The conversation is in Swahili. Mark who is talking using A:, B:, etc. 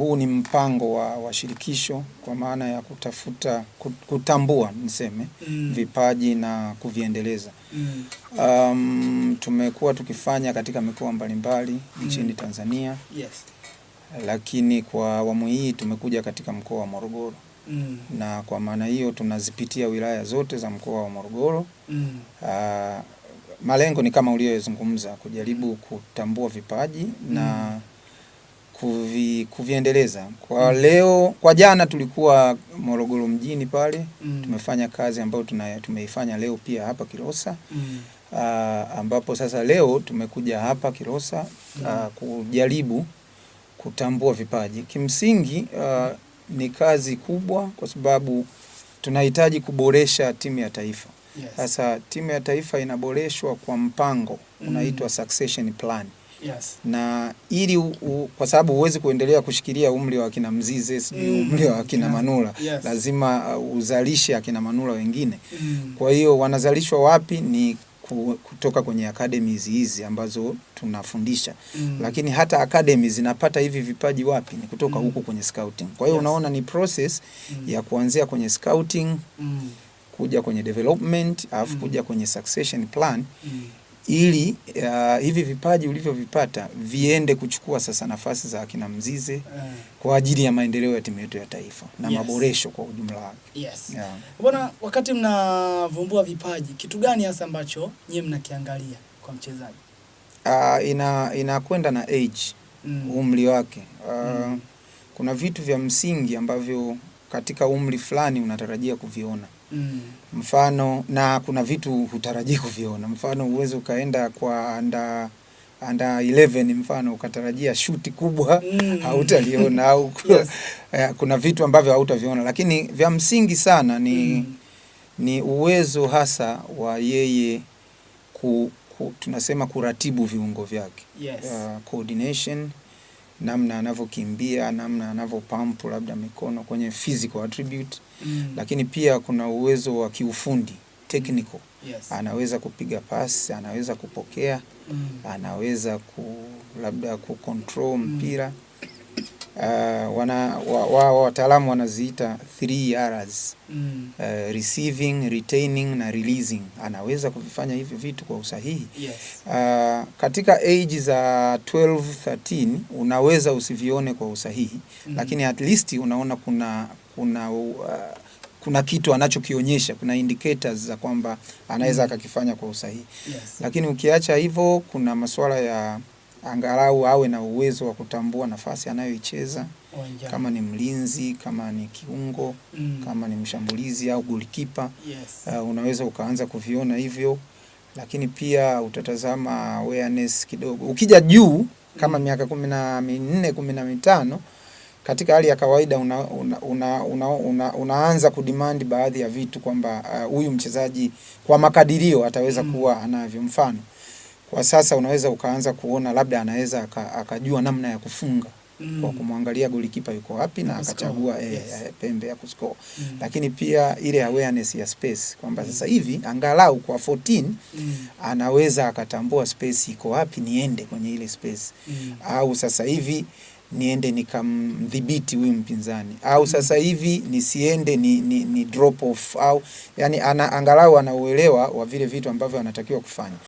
A: Huu ni mpango wa, washirikisho kwa maana ya kutafuta kutambua niseme mm. vipaji na kuviendeleza mm. Um, tumekuwa tukifanya katika mikoa mbalimbali nchini mm. Tanzania yes. Lakini kwa awamu hii tumekuja katika mkoa wa Morogoro mm. na kwa maana hiyo tunazipitia wilaya zote za mkoa wa Morogoro mm. uh, malengo ni kama uliyozungumza kujaribu kutambua vipaji mm. na kuvi, kuviendeleza kwa leo. Kwa jana tulikuwa Morogoro mjini pale mm. tumefanya kazi ambayo tumeifanya leo pia hapa Kilosa mm. uh, ambapo sasa leo tumekuja hapa Kilosa mm. uh, kujaribu kutambua vipaji. Kimsingi uh, ni kazi kubwa kwa sababu tunahitaji kuboresha timu ya taifa. Sasa yes. timu ya taifa inaboreshwa kwa mpango mm. unaitwa succession plan. Yes. Na ili u, u, kwa sababu huwezi kuendelea kushikilia umri wa kina Mzize sijui mm. umri wa yeah. Manula. Yes. Lazima uh, uzalishe akina Manula wengine. Mm. Kwa hiyo wanazalishwa wapi? Ni kutoka kwenye academies hizi ambazo tunafundisha. Mm. Lakini hata academies zinapata hivi vipaji wapi? Ni kutoka mm. huku kwenye scouting. Kwa hiyo yes. Unaona ni process mm. ya kuanzia kwenye scouting mm. kuja kwenye development alafu mm. kuja kwenye succession plan mm ili uh, hivi vipaji ulivyovipata viende kuchukua sasa nafasi za akina Mzize uh, kwa ajili ya maendeleo ya timu yetu ya taifa na yes, maboresho kwa ujumla wake.
B: Yes. Yeah. Bwana, wakati mnavumbua vipaji, kitu gani hasa ambacho nyie mnakiangalia kwa mchezaji?
A: Uh, ina inakwenda na age mm, umri wake uh, mm. Kuna vitu vya msingi ambavyo katika umri fulani unatarajia kuviona mm. Mfano, na kuna vitu hutarajii kuviona, mfano uweze ukaenda kwa anda anda 11 mfano ukatarajia shuti kubwa mm. hautaliona au yes. Eh, kuna vitu ambavyo hautaviona, lakini vya msingi sana ni mm. ni uwezo hasa wa yeye ku, ku, tunasema kuratibu viungo vyake yes. uh, coordination namna anavyokimbia, namna anavyopump labda mikono kwenye physical attribute mm. Lakini pia kuna uwezo wa kiufundi technical yes. Anaweza kupiga pasi, anaweza kupokea mm. Anaweza ku labda kucontrol mm. mpira mm uh, wana, wao wataalamu wanaziita 3Rs mm. uh, receiving, retaining na releasing. Anaweza kuvifanya hivi vitu kwa usahihi yes. uh, katika age za 12 13 unaweza usivione kwa usahihi mm. lakini at least unaona kuna kuna uh, kuna kitu anachokionyesha, kuna indicators za kwamba anaweza mm. akakifanya kwa usahihi yes. Lakini ukiacha hivyo kuna masuala ya angalau awe na uwezo wa kutambua nafasi anayoicheza kama ni mlinzi, kama ni kiungo mm. kama ni mshambulizi au golikipa yes. Uh, unaweza ukaanza kuviona hivyo, lakini pia utatazama awareness kidogo. Ukija juu kama mm. miaka kumi na minne kumi na mitano katika hali ya kawaida una, una, una, una, una, unaanza kudimandi baadhi ya vitu kwamba uh, huyu uh, mchezaji kwa makadirio ataweza mm. kuwa anavyo mfano kwa sasa unaweza ukaanza kuona labda anaweza akajua namna ya kufunga mm. kwa kumwangalia golikipa yuko wapi na akachagua eh, yes. e, e, pembe ya kuscore mm. lakini pia ile awareness ya space kwamba mm. sasa hivi angalau kwa 14 mm. anaweza akatambua space iko wapi niende kwenye ile space mm. au sasa hivi niende nikamdhibiti huyu mpinzani au mm. sasa hivi nisiende ni, ni, ni drop off au yani ana, angalau anauelewa wa vile vitu ambavyo anatakiwa kufanya.